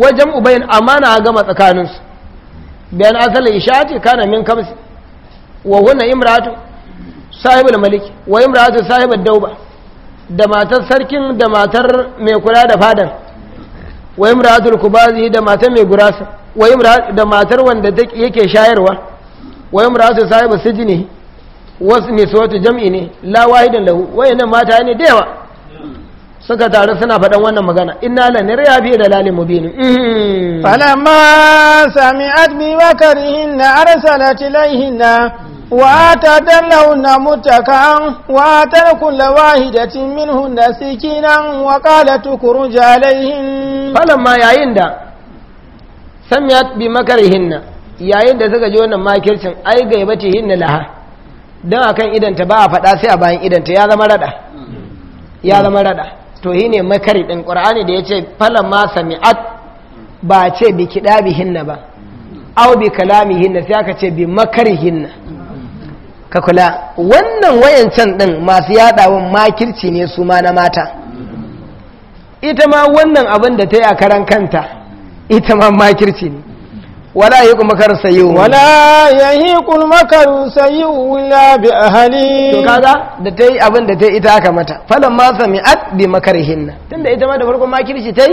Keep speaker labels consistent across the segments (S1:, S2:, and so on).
S1: wajen ubayin amana a gama tsakaninsu bayan asali isha ce kana min kamsi wa hunna imratu sahibul malik wa imratu sahibul dauba da matar sarkin da matar mai kula da fadan wa imratul kubazi da matar mai gurasa wa da matar wanda yake shayarwa wa imratu sahibul sijni wasu ne suwatu jam'i ne la wahidan lahu wayannan mata ne da yawa suka taru suna faɗan wannan magana ina la ne riya biye da lalin mubini hmm.
S2: falamma sami admi wa karihin na arsalati laihin na wa ta dallau na mutakan wa ta da lawahidatin min hunda sikinan wa kala tukurun jalaihin falamma yayin da
S1: sami admi makarihin na yayin da suka ji wannan makircin ai gaiba ce hinna laha don akan idanta ba a faɗa sai a bayan idanta ya zama rada ya zama rada mm to yi ne makari ɗin ƙur'ani da ya ce falon ma sami'at ba ce bi kiɗa bi hinna ba au bi kalami hinna sai aka ce bi makari hinna ka kula wannan wayancan ɗin masu yaɗawan makirci ne su ma na mata ita ma wannan abin da ta yi a karan kanta ita ma makirci ne ولا يهيق مكر سيء ولا يهيق المكر to kaga da tai abin da tai ita aka mata falan ma sami'at bi makarihin tunda ita ma da farkon makirci tai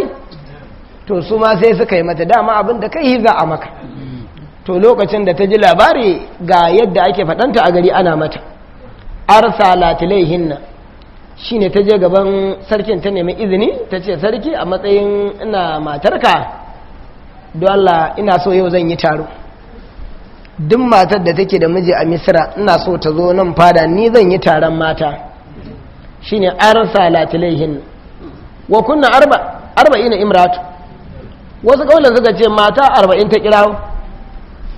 S1: to su ma sai suka yi mata dama abin da kai za a maka to lokacin da ta ji labari ga yadda ake fadanta a gari ana mata arsalat hinna shine ta je gaban sarkin ta nemi izini ta ce sarki a matsayin ina matarka don Allah ina so yau zan yi taro duk matar da take da miji a misira ina so ta zo nan fada ni zan yi taron mata shine arsa latilaihin wa kunna arba arba'ina imratu wasu ƙaunar suka ce mata arba'in ta kirawo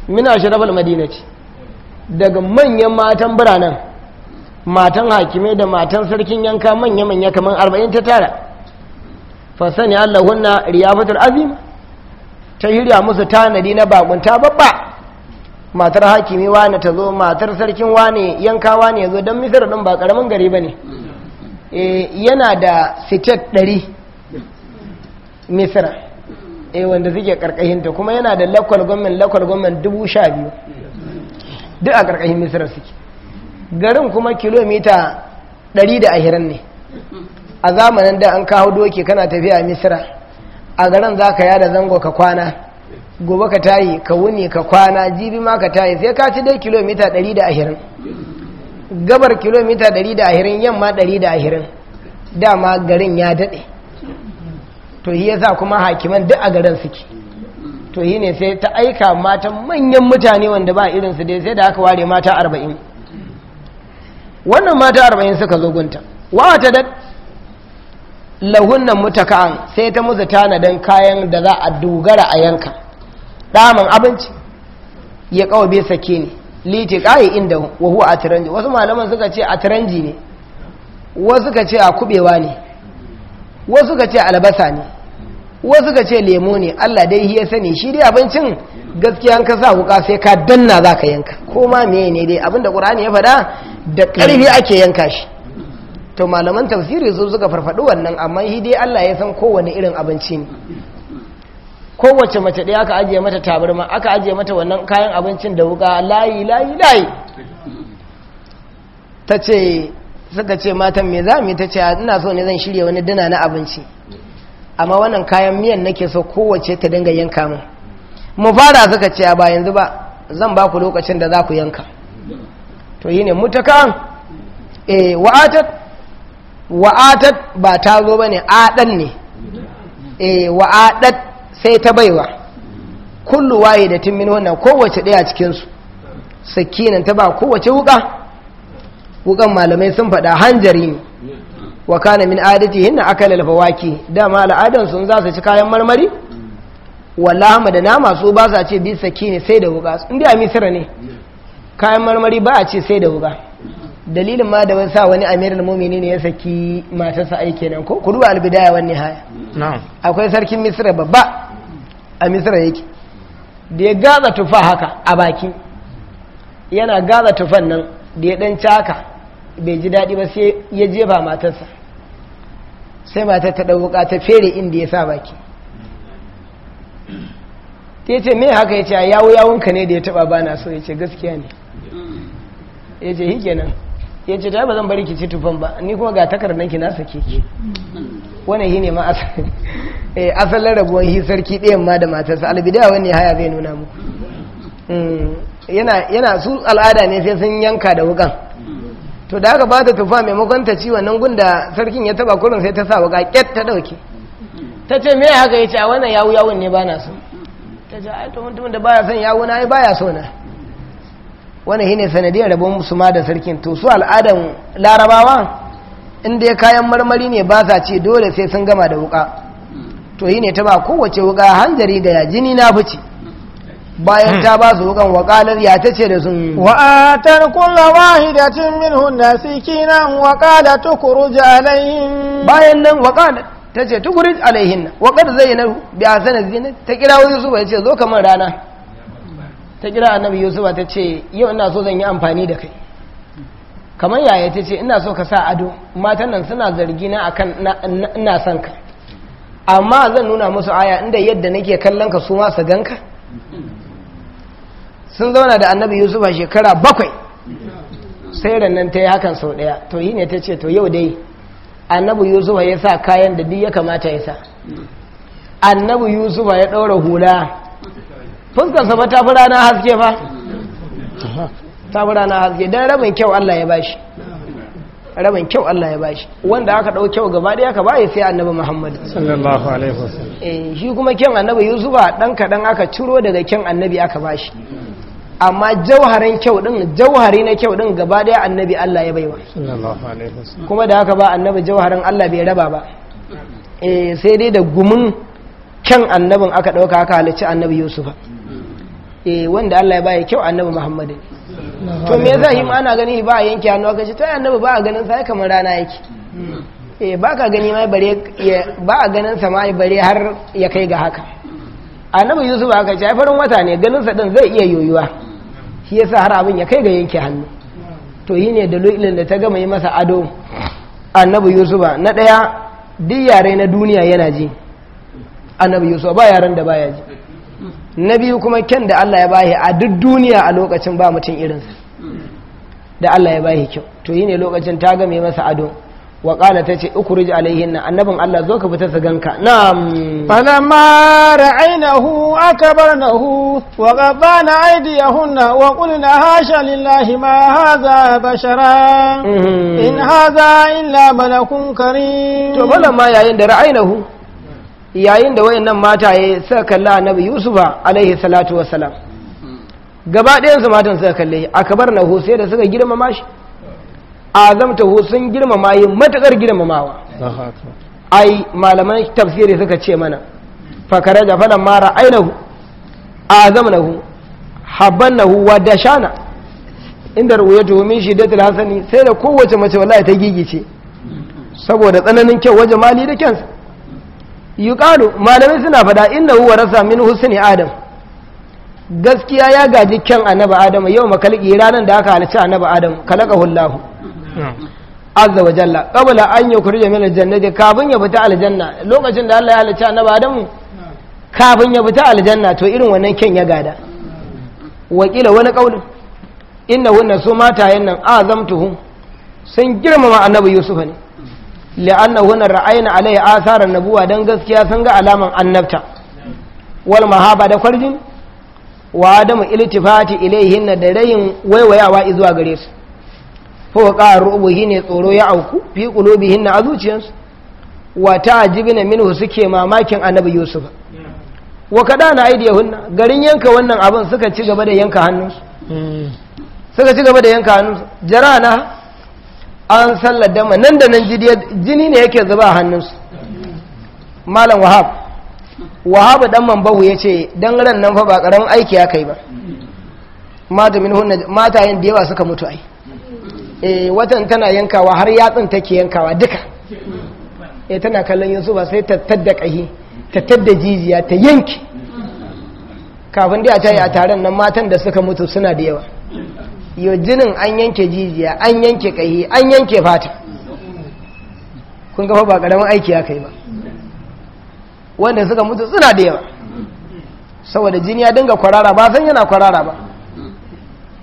S1: mina madina madinaci daga manyan matan biranen matan hakime da matan sarkin yanka manya-manya kamar arba'in ta tara fasani allahunna riyafatul azim ta yirya musu tanadi na bakunta babba matar hakimi wane ta zo matar sarkin wane yanka wane ya zo don misir ɗin ba ƙaramin gari ba ne eh, yana da sitet ɗari misira eh, wanda suke ƙarƙashinta kuma yana da lakwal gwamnan lakwal gwamnan dubu sha biyu duk a ƙarƙashin misira suke garin kuma kilomita ɗari da ahirin ne a zamanin da an kawo doki kana tafiya misira a garin za ka yada zango ka kwana gobe ka tayi ka wuni ka kwana jibi ma ka tayi sai ka ci dai kilomita 120 gabar kilomita 120 yamma 120 dama garin ya daɗe to yi yasa kuma hakiman duk a garin suke to yi ne sai ta aika mata manyan mutane wanda ba irinsu dai sai da aka ware mata 40 wannan mata 40 suka zo gunta wa ta lahunan mutaka'an sai ta musu tanadin kayan da za a dogara a yanka daman abinci ya kawo bai sake ne liti kayi inda wahu a turanji wasu malaman suka ce a turanji ne wasu ka ce a kubewa ne wasu ka ce albasa ne wasu ka ce lemo ne allah dai ya sani shi dai abincin gaskiya ka sa wuka sai ka danna za ka yanka ko ma ne dai abinda ƙur'ani ya faɗa da ƙarfi ake yanka shi to malaman tafsiri su suka farfadu wannan amma shi dai Allah ya san kowane irin abinci ne kowace mace ɗaya aka ajiye mata tabarma aka ajiye mata wannan kayan abincin da wuka layi layi layi ta ce suka ce matan me za mu ta ce ina so ne zan shirya wani dina na abinci amma wannan kayan miyan nake so kowace ta dinga yanka min mu fara suka ce ba yanzu ba zan ba ku lokacin da za ku yanka to yi ne mutakan e eh, wa'atat wa'atat ba ta zo ba ne aɗan ne e wa'adat sai ta baiwa kullu waye da mini wannan kowace ɗaya cikinsu sakinan ta ba kowace wuka wukan malamai sun faɗa hanjari ne wa kana min adati hinna akala alfawaki dama al'adan sun za ci kayan marmari walama da na masu ba ce bi sakine sai da wuka dai a misira ne kayan marmari ba a ce sai da wuka dalilin ma da sa wani amirul mumini ne ya saki matarsa aiki nan ko kudu albidaya wani haya akwai sarkin misira babba a misira yake da ya gaza tufa haka a baki yana gaza tufan nan da ya dan caka bai ji daɗi ba sai ya jefa matarsa sai matar ta ɗauka ta fere inda ya sa baki ta ce me haka ya ce a yawo ka ne da ya taɓa ba na so ya ce gaskiya ne ya ce hikenan ya ce ta ba zan bari ki ci tufan ba ni kuma ga takardar ki na sake ki wannan shine ma eh, asalin rabuwan hi sarki ɗayan ma da matarsa albidaya wani haya zai nuna muku mm. yana su al'ada ne sai sun yanka da wukan to da aka bata tufa maimakon ta ci wannan gunda sarkin ya taba kurin sai ta sa wuka ta ɗauke ta ce me haka ya ce a wannan yawu yawun ne ba na so ta ce ai to mutumin da baya son yawu na ai baya so na wani shine sanadiyar rabon su ma da sarkin to su al'adan larabawa inda ya kayan marmari ne ba sa ce dole sai sun gama da wuka to yi ne ta ba kowace wuka hanzari ga jini na fice bayan ta ba su wukan wakalar ya ta ce da sun wa'atar kulla wahidatin min hunna sikinan wakala ji alayhin bayan nan wakala ta ce ji alayhin wakar zai na biya sanar zina ta kira wasu su bai ce zo kamar rana ta kira annabi yusuf ta ce yau ina so zan yi amfani da kai kamar yaya ta ce ina so ka sa ado matan nan suna zargi na akan ina son ka amma zan nuna musu aya inda yadda nake kallon ka su ma ganka sun zauna da annabi yusuf shekara bakwai sai rannan ta yi hakan sau daya to yi ne ta ce to yau dai annabi yusuf ya sa kayan da duk ya kamata ya sa annabi yusufa ya ɗaura hula fuskarsa ba ta fi rana haske ba ta fi rana haske don rabin kyau Allah ya bashi rabin kyau Allah ya bashi wanda aka ɗau kyau gaba ɗaya ka baya sai annabi Muhammad sallallahu
S3: alaihi wasallam
S1: eh, shi kuma kyan annabi Yusufa dan kaɗan aka ciro daga kyan annabi aka bashi amma jauharin kyau din jauhari na kyau din gaba ɗaya annabi Allah ya baiwa
S3: sallallahu alaihi wasallam
S1: kuma da haka ba annabi jauharin Allah bai raba ba eh sai dai da gumin kyan annabin aka ɗauka aka halicci annabi Yusufa Eh, wanda Allah ya baya kyau annabi Muhammad to me zahim ana gani ba a yanke hannu kace ce to annabi ba a ganin sa kamar rana yake eh ba ka gani mai bare ba a ganin sa mai bare har ya kai ga haka annabi Yusuf aka ce farin wata ne ganin sa din zai iya yoyuwa shi yasa har abin ya kai ga yanke hannu to yi ne dalilin da ta gama yi masa ado annabi Yusufa na daya duk yare na duniya yana ji annabi Yusufa ba yaren da baya ji na biyu kuma kyan da Allah ya bahi a duk duniya a lokacin ba mutum irinsa da Allah ya bahi kyau to yi ne lokacin ta game masa ado wa ƙala ta ce alaihin na, annabin Allah zo ka fita su ganka na'am bar
S2: ra'ainahu hu. wa na aidi ya hunna, wa na hasha lillahi ma haza bashara mhm. in haza illa malakun karim to bala ma yayin da
S1: ra'ainahu yayin da wayannan mataye suka kalla annabi yusufa alaihi salatu wassalam gaba ɗayan su matan suka kalle akabar na sai da suka girmama shi hu sun girmama yi matakar girmamawa ai malaman tafsiri suka ce mana fakare da falan mara ainihu na hu wa dashana inda ruwayatu min shiddatil hasani sai da kowace mace wallahi ta gigice saboda tsananin kyau wajen mali da kyansa yuqalu malamai suna faɗa inna huwa rasa min husni adam gaskiya ya gaji kyan annabi adam yau makalki ranan da aka halarci annabi adam kalaqahu allah azza wa jalla qabla an yukhrija min aljannati kafin ya fita aljanna lokacin da Allah ya halarci annabi adam kafin ya fita aljanna to irin wannan kyan ya gada wakila wani kaulin inna wannan su mata yannan azamtuhum sun girmama annabi yusuf ne li'anna huna ra'ayna alai asaran nabuwa dan gaskiya sun ga alaman annabta wal mahaba da kwarjin wa adamu iltifati ilaihin da rayin waiwayawa izuwa gare su ko ka rubu ne tsoro ya auku fi qulubihin na azuciyansu wa ta'jibina minhu suke mamakin annabi yusuf wa kada na aidiyahunna garin yanka wannan abin suka ci gaba da yanka hannunsu suka ci gaba da yanka hannunsu jarana an sallar dama nan da nan jini ne yake zuba a hannunsu malam wahab wahab dan mambahu ya ce dan ran nan fa ba karamin aiki ya kai ba mata min hunna mata yin da yawa suka mutu ai eh watan tana yankawa har yatsin take yankawa duka eh tana kallon yanzu ba sai ta tadda kahi ta jijiya ta yanki kafin dai a tayi a taron nan matan da suka mutu suna da yawa yau jinin an yanke jijiya an yanke kahi an yanke fata kun gafa ba karamin aiki ya kai ba wanda suka mutu suna da yawa saboda jini ya dinga kwarara ba san yana kwarara ba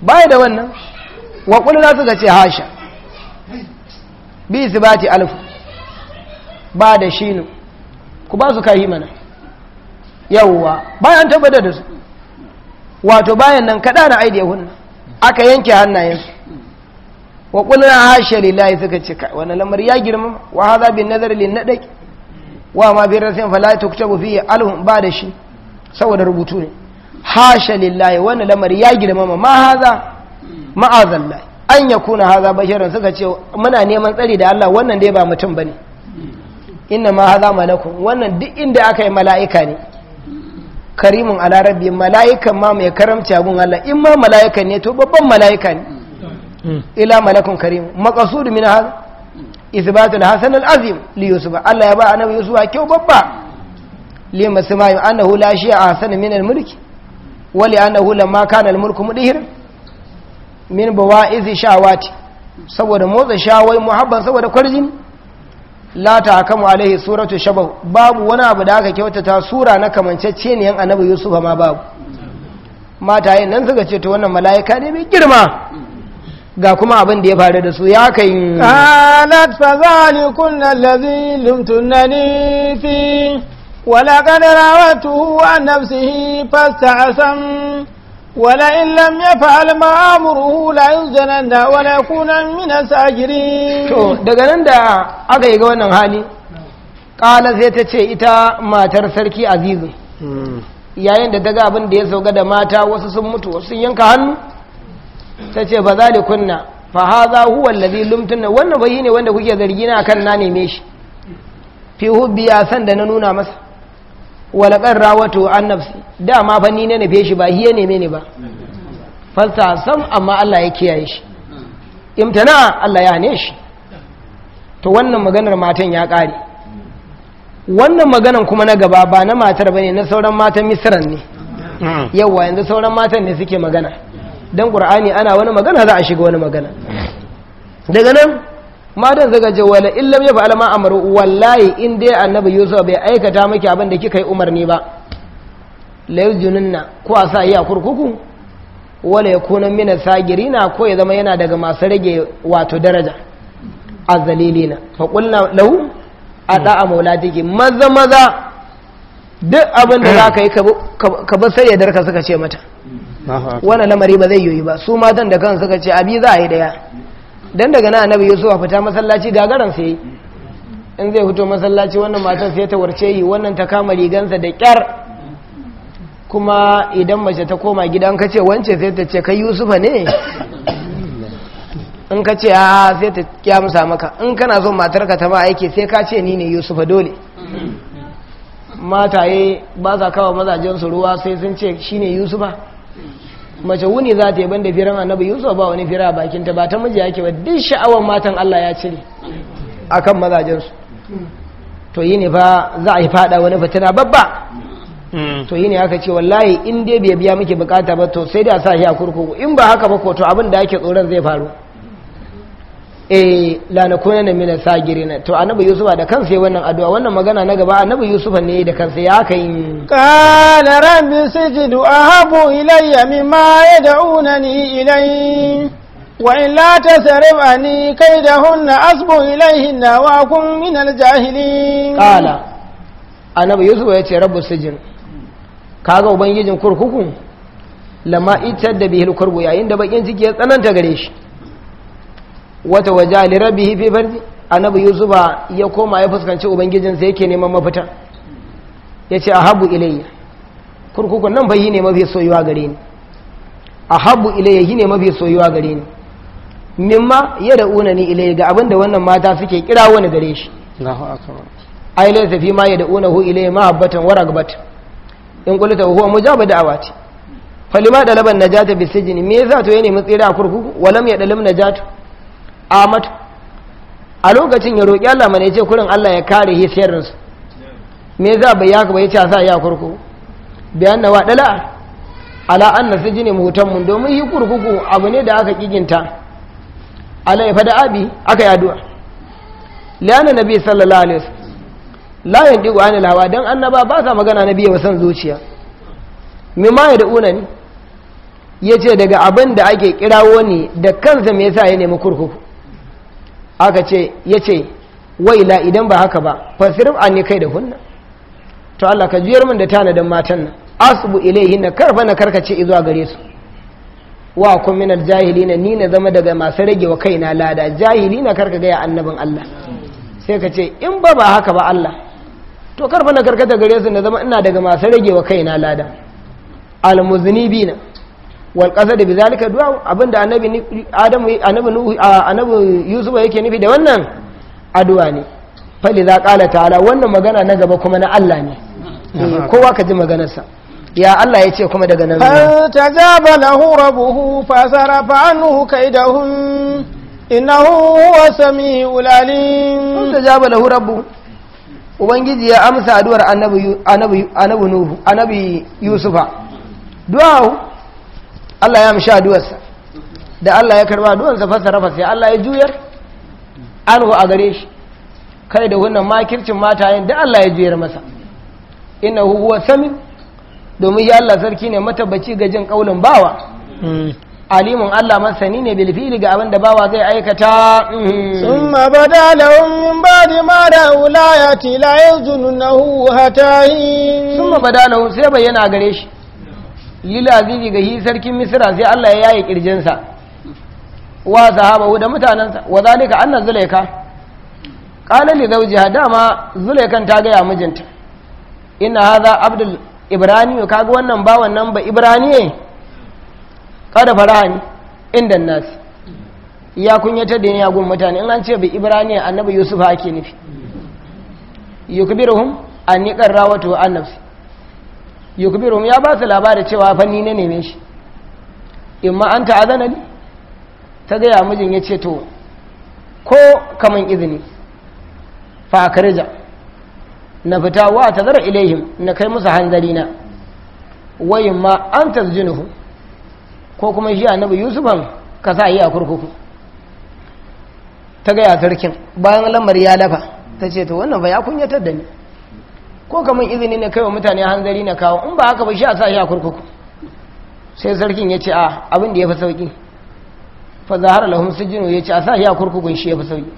S1: baya da wannan waƙulina suka ce hasha bi su ba alfu ba da shinu ku ba su kahi mana yawwa bayan tabbatar da su wato bayan nan kaɗa na aidiyar hunna aka yanke hannayensu wa kulna hasha lillahi suka ce wani lamari ya girma wa haza bin nazar lin ɗaki wa ma bi rasin fala tuktabu ya alhun ba da shi saboda rubutu ne hasha lillahi wani lamari ya girma ma ma'azan ma'azallah an yakuna hadha basharan suka ce muna neman tsari da Allah wannan dai ba mutum ba ne inna ma haza malakun wannan duk inda aka yi mala'ika ne karimun ala rabbi mala'ikan ma mai karamci agun Allah in ma mala'ikan ne to babban mala'ika ne hmm. ila malakun karim maqsud min hadha ithbatu al-hasan al-azim li yusuf Allah ya ba annabi yusuf kyau babba li masma'i annahu la shay'a hasan min al-mulki wa li annahu lamma kana al-mulku mudhir min bawa'iz shawati saboda motsa shawai muhabban saboda kwarjini la ta hakamu alaihi suratu shabab babu wani abu da aka kyautata sura na yan annabi yusuf ma babu mata yin nan suka ce ta wannan mala'ika ne mai girma ga kuma abin da ya faru da su ya kai qalat fa
S2: zalikun allazi lumtunani fi wa laqad rawatuhu an nafsihi fasta'asam ولئن لم يفعل ما أمره ولا يكون من الساجرين to
S1: daga nan da aka yi ga wannan hali kala sai ta ce ita matar sarki azizu yayin da daga abin da ya sauka da mata wasu sun mutu wasu sun yanka hannu ta ce ba za da kunna fa haza huwa allazi lumtunna wannan bai ne wanda kuke zargi na kan na neme shi fi hubbi ya san da na nuna masa walaƙar rawato an nafsi dama fa ni na nufe shi ba ya neme ne ba falta sam amma Allah ya kiyaye shi imtana Allah ya hane shi to wannan maganar matan ya ƙare wannan maganar kuma na gaba ba na matar ba ne na sauran matan misiran ne yawa yanzu sauran matan ne suke magana don ƙur'ani ana wani magana za a shiga wani magana daga nan matan suka ce wala in ya fa'ala ma amaru wallahi in dai annabi yusuf bai aikata miki abin da kika yi umarni ba la yujununna ko a sa iya kurkuku wala yakuna mina sagirina ko ya zama yana daga masu rage wato daraja azalilina fa qulna lahu ada a maza maza duk abin da zaka yi ka bar sai yadda ka suka ce mata wannan lamari ba zai yi ba su matan da kan suka ce abi za a yi daya Don daga na annabi yusuf a fita masallaci gagaran sai in zai fito masallaci wannan matan sai ta warce yi wannan ta kama rigansa da kyar kuma idan mace ta koma gida ka ce wance sai ta ce kai yusufa ne in ka ce a sai ta kyamsa maka in kana zo matarka ta ma aiki sai ka ce ni ne yusufa dole mataye ba za kawo su ruwa sai sun ce shi ne yusufa mace wuni za ta yi banda firan annabi yusuf ba wani fira a bakinta ba ta miji yake ba duk sha'awar matan allah ya cire a kan mazajensu to yi ne fa za a yi fada wani fatina babba hmm. to yi ne aka ce wallahi in dai bai biya muke bukata ba to sai da sa shi a kurkuku in ba haka ba ko to abin da ake tsoron zai faru eh lanakuna na mina sagirina to annabi yusuf da kansa yayin wannan addu'a wannan magana na gaba annabi yusuf ne da kansa ya kai
S2: qala rabbi sajidu ahabu ilayya mimma yad'unani ilayhi wa in la tasrif anni kaydahunna asbu ilayhinna wa kun min aljahilin
S1: qala annabi yusuf ya ce rabbi sajin kaga ubangijin kurkuku lama ita da bihil kurbu yayin da bakin ciki ya tsananta gare shi wata waja lirabihi fi bardi annabi yusufa ya koma ya fuskanci ubangijinsa yake neman mafita ya ce a habu ilayya kurkukun nan bai yi ne mafi soyuwa gare ni a habu ilayya yi ne mafi soyuwa gare ni mimma ya da'una ni ilayya ga abinda wannan mata suke kira wani gare shi ai laisa fi ma ya da'una hu ilayya mahabbatan wa ragbat in qulta huwa mujaba da'awati falima dalaban najata bisijni me yasa to ya nemi tsira a kurkuku walam ya dalim najatu amatu a lokacin ya roƙi Allah mana ya ce kurin Allah ya kare hi sirrinsu me za bai ya bai a sa ya kurku bayan na wadala ala su jini mutanmu domin yi kurkuku abu ne da aka kiginta ala ya fada abi aka yi addu'a lana nabi sallallahu alaihi wasallam la yandigu anil lawa, dan annaba ba sa magana na ya san zuciya ma ya ne ni ce daga abin da ake kirawo ne da kansa me yasa ya nemi kurkuku aka ce ya ce waila idan ba haka ba fasirin an yi kai da hunna to Allah ka juyar min da tanadin matan nan asbu ilaihi na karfa na karkace izuwa gare su wa kun minal jahilina ni na zama daga masu rage kaina lada jahilina karka gaya annabin Allah sai ka ce in ba ba haka ba Allah to karfa na karkata gare su na zama ina daga masu ragewa wa kaina lada almuznibina Walƙasar da bizalika duwa abinda annabi adam annabi yusuf yake nufi da wannan aduwa ne fali za ƙala ta'ala wannan magana na gaba kuma na Allah ne kowa ka ji maganarsa ya Allah ya ce kuma daga nan ta zaba lahu fasara
S2: fa sarafa da hun ina huwa samiul alim
S1: ta zaba lahu buhu ubangiji ya amsa aduwar annabi annabi yusufa du'a Allah ya musha addu'arsa da Allah ya karba addu'arsa fassara fa sai Allah ya juyar anhu a gare shi kai da wannan makircin mata yin da Allah ya juyar masa ina huwa sami domin ya Allah sarki ne matabbaci ga jin kaulin bawa alimun Allah masani ne bil ga abin da bawa zai aikata summa bada lahum min
S2: ba'di ma ra'u la yati la yazunuhu hatahin
S1: summa da sai bayyana gare shi lilazizi ga hi sarkin misira sai Allah ya yaye kirjinsa wa sahabahu da mutanensa wa zalika anna zulaika qala li zawjiha dama zulaikan ta gaya mijinta inna hadha abdul ka kaga wannan ba wannan ba Ibrahim? kada farahani inda nasi ya kunyata da ya gun mutane in an ce bi Ibrahim annabi yusuf ake nufi yukbiruhum an yi rawatu an nafsi yukbirum ya ba su cewa fanni na neme shi in ma an ta'azana ne ta gaya mijin ya ce to ko kaman izini fa na fita wa ta zara ilaihim na kai musu hanzari na wayin ma an tasjinuhu ko kuma shi annabi yusufan ka sa yi a kurkuku ta gaya sarkin bayan lamar ya lafa ta ce to wannan ba ya kunyatar da ni ko kamar izini na kai wa mutane hanzari na kawo in ba haka ba shi a sa shi a kurkuku sai sarkin ya ce a ah, abin ya fi sauki fa zahara lahum sujinu ya ce a sa a kurkukun shi ya fi sauki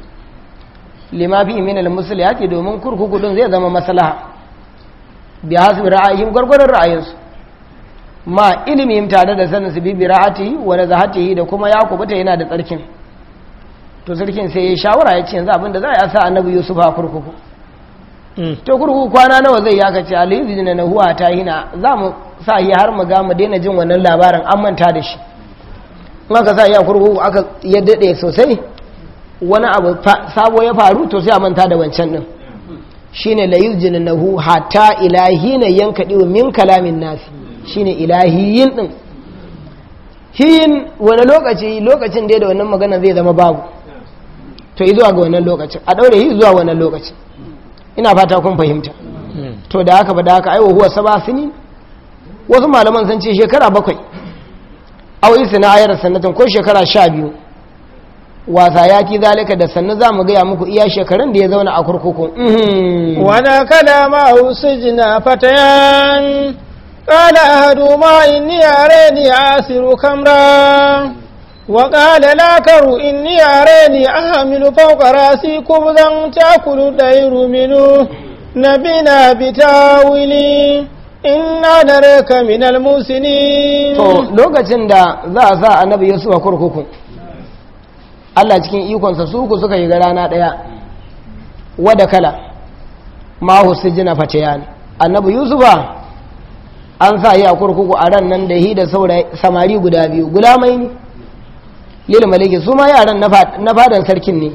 S1: lima fi min al domin kurkuku din zai zama maslaha bi hasbi ra'ayim gurgurun ra'ayinsu ma ilimin tare da sanin su bi bira'atihi wa nazahatihi da kuma ya kubuta yana da tsarkin to sarkin sai ya shawara ya ce yanzu abinda da za a yi a sa annabi yusuf a kurkuku Mm. to kurkuku kwana nawa zai ya kace alizi na huwa ta hina za mu sa yi har mu ga mu daina jin wannan labarin an manta da shi in aka sa yi a kurkuku aka ya dade sosai wani abu sabo ya faru to sai a manta da wancan din shine la yuzjilnahu hatta ilahina yankadi min kalamin nasi shine ilahiyin din hin wani lokaci lokacin da wannan magana zai zama babu to izuwa ga wannan lokacin a daure yi zuwa wannan lokacin ina fata kun fahimta hmm. to da haka ba da haka aiwa huwa saba sini wasu malaman sun ce shekara bakwai au isi na ayar sannatin ko shekara sha biyu wasa ya ki zalika da sannu za mu gaya muku iya shekarun da ya zauna a kurkuku mhm. wana kada ma'u sijina fatayan
S2: قال أهدما ni a siru kamra. وقال الآخر إني أراني أحمل فوق رأسي خبزا تأكل الطير منه نبينا بتاويلي
S1: inna da reka minal musini to lokacin da za a sa annabi yusuf a kurkuku Allah cikin ikonsa su ku suka yi ga rana ɗaya wada kala mahu sijina face yani annabi yusufa an sa yi a kurkuku a ran nan da hi da samari guda biyu gulamai ne lil maliki su ma yaran na fadan sarkin ne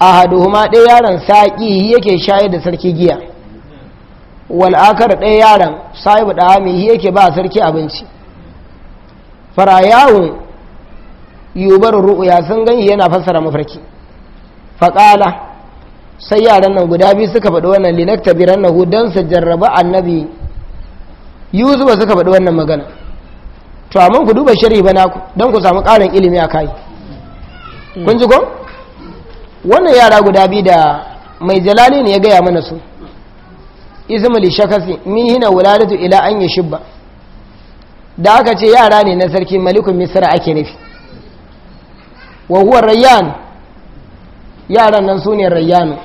S1: A ahaduhuma ɗaya yaran saƙi yake shayar da sarki giya wal akar ɗaya yaran sahibu da ami yake ba sarki abinci farayawun yubar ru'uya sun gani yana fassara mafarki faƙala sai yaran nan guda biyu suka faɗi wannan linakta biran nahu don jarraba annabi ba suka faɗi wannan magana to amma ku duba shari'i ba naku don ku samu karin ilimi a kai kun ji ko wannan yara guda biyu da mai jalali ne ya gaya mana su Izmul shakasi min hina ila an yashibba da aka ce yara ne na sarki malikun misra ake nufi wa huwa rayyan yaran nan su ne rayyanu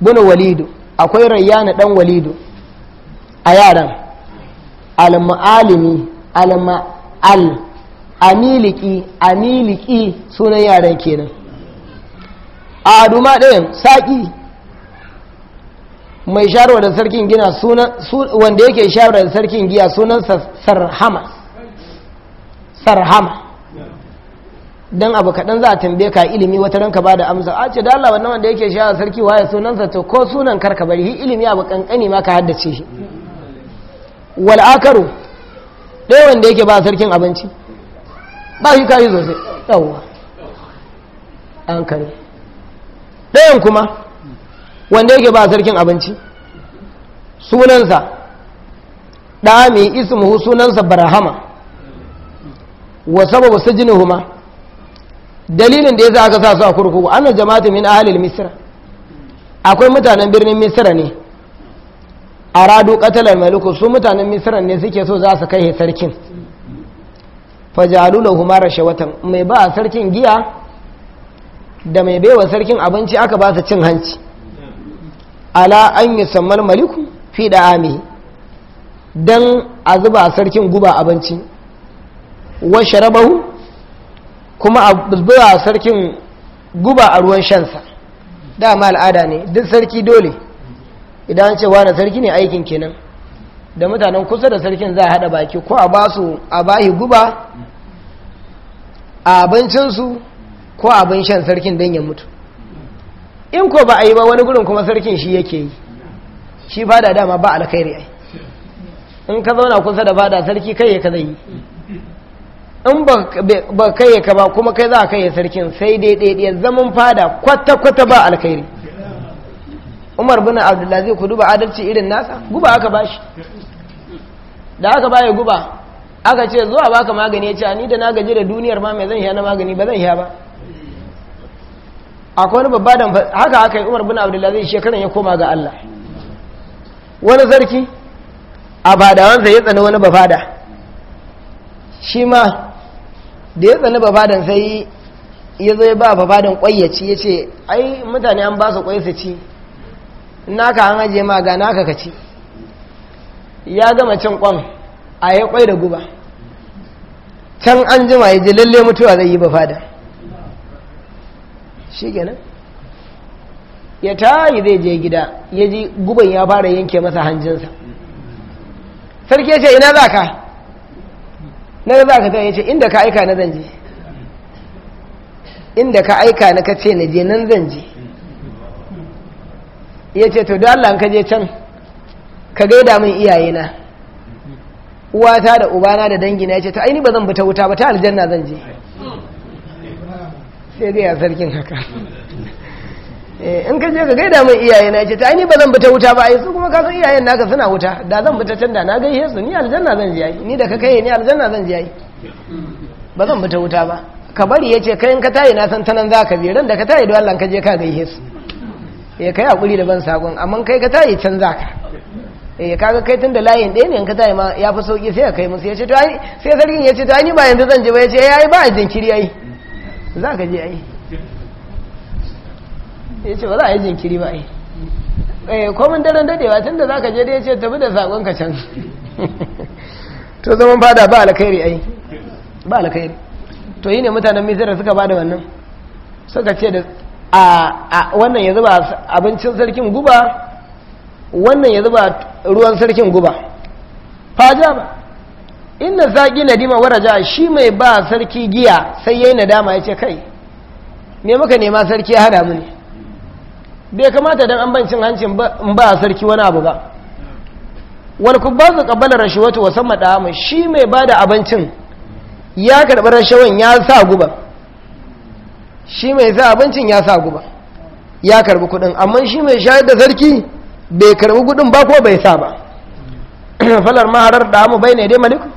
S1: bin walidu akwai rayyanu dan walidu a yaran al-mu'alimi alma al amiliki amiliki sunan yaran kenan a duma ɗayan saƙi mai sharwa da sarkin gina sunan wanda yake sharwa da sarkin giya sunan sarhama sarhama dan abu kaɗan za a tambaye ka ilimi wata ranka ba da amsa a ce da Allah wannan wanda yake sha sarki waye sunansa to ko sunan karka bari ilimi abu kankani ma ka haddace shi wal akaru ɗaya wanda yake ba sarkin abinci ba shi kayi sosai yawwa an kare ɗayan kuma wanda yake ba sarkin abinci sunansa ɗa mai ismuhu sunansa barahama wa sababu huma dalilin da ya za aka kasa su a kurkuku anna jama'atun min ahalil misira. akwai mutanen birnin misira ne aradu katalar maliku su mutanen misra ne suke so za su kai sarkin fajalu lahu mara watan mai ba sarkin giya da mai baiwa sarkin abinci aka ba su cin hanci ala an sammar maliku fi ame dan a zuba sarkin guba abinci wa sharabahu kuma a zuba sarkin guba a ruwan shansa dama al'ada ne duk sarki dole idan an ce wani sarki ne aikin kenan da mutanen kusa da sarkin za a haɗa baki ko a basu a bahi guba a abincinsu ko abin shan sarkin don ya mutu in ko ba a yi ba wani gurin kuma sarkin shi yake yi shi ba da dama ba alkhairi ai in ka zauna kusa da da sarki kai ya ka zai yi in ba kai ya ka ba kuma kai za a kai ya sarkin sai daidai zaman fada kwata-kwata ba alkhairi umar bin abdullazi ku duba adalci irin nasa guba aka bashi da aka baya guba aka ce zuwa baka magani ya ce ni da na gaji da duniyar ma mai zan yi na magani ba zan yi ba akwai wani babba da haka aka yi umar bin abdullazi shekaran ya koma ga allah wani sarki a fadawansa ya tsani wani bafada shi ma da ya tsani bafadan sai ya zo ya ba bafadan kwai ya ce ai mutane an ba su kwayyaci naka an ajiye ma ga naka ka ci ya gama cin kwan a ya kwai da guba can an jima ya ji lalle mutuwa zai yi ba fada shi kenan ya tayi zai je gida ya ji guban ya fara yanke masa hanjinsa sarki ya ce ina za ka na za ka ya ce inda ka aika na zan je inda ka aika na ka ce na je nan zan je ya ce to don ka je can ka gaida min iyayena uwata da ubana da dangina ya ce to aini ba zan ta wuta ba ta aljanna zan je sai dai a sarkin haka eh, in ka je ka gaida min iyayena ya ce to aini ba zan ta wuta ba ai su kuma ka san iyayen naka suna wuta da zan ta can da na gaishe su ni aljanna zan je ai ni da ka kai ni aljanna zan je ai ba zan ta wuta ba ka bari ya ce in ka tayi na san tanan za ka bi ran da ka tayi don Allah ka je ka gaishe su ya eh, kai hakuri da ban sakon amma kai ka tayi can za ka ya eh, kaga kai tun da layin ɗaya ne ka tayi ma ya fi sauki sai ka kai musu ya ce to ai sai sarkin ya ce to ai ba yanzu zan je ba ya ce eh, ai ba jinkiri ai za ka je ai ya ce ba za a yi jinkiri ba ai eh komin daren dadewa tun da za ka je da ya ce tafi da sagon ka can to zaman fada ba alkhairi ai ba alkhairi to yi ne mutanen misira suka ba da wannan suka ce da a wannan ya zuba abincin sarkin guba wannan ya zuba ruwan sarkin guba faja ba inda zaƙi nadima waraja shi mai ba sarki giya sai ya yi nadama ya ce kai me muka nema sarki ya hada mu ne bai kamata don an bancin hancin ba sarki wani abu ba wani ku ba su ƙabbalar rashuwatu wasan maɗa mu shi mai ba da abincin ya karɓi rashawan ya sa guba shi mai sa abincin ya sa guba ya karbi kudin amma shi mai shayar da sarki bai karbi kudin ba ko bai sa ba falar maharar da amu bai ne dai maliku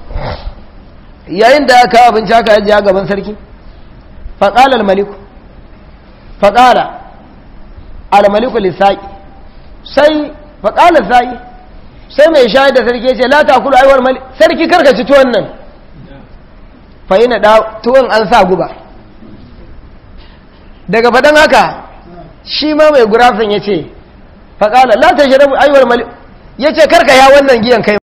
S1: yayin da aka abinci aka yaji ya gaban sarki faƙalar maliku faƙala maliku lissaƙi sai faƙalar sa'i sai mai shayar da sarki ce la ta kula aiwar mali sarki karkaci tuwon nan fa yi na tuwon an sa guba daga faɗan haka
S3: shi ma mai gurafin ya ce faƙala la aiwar mali ya ce karka ya wannan giyan kai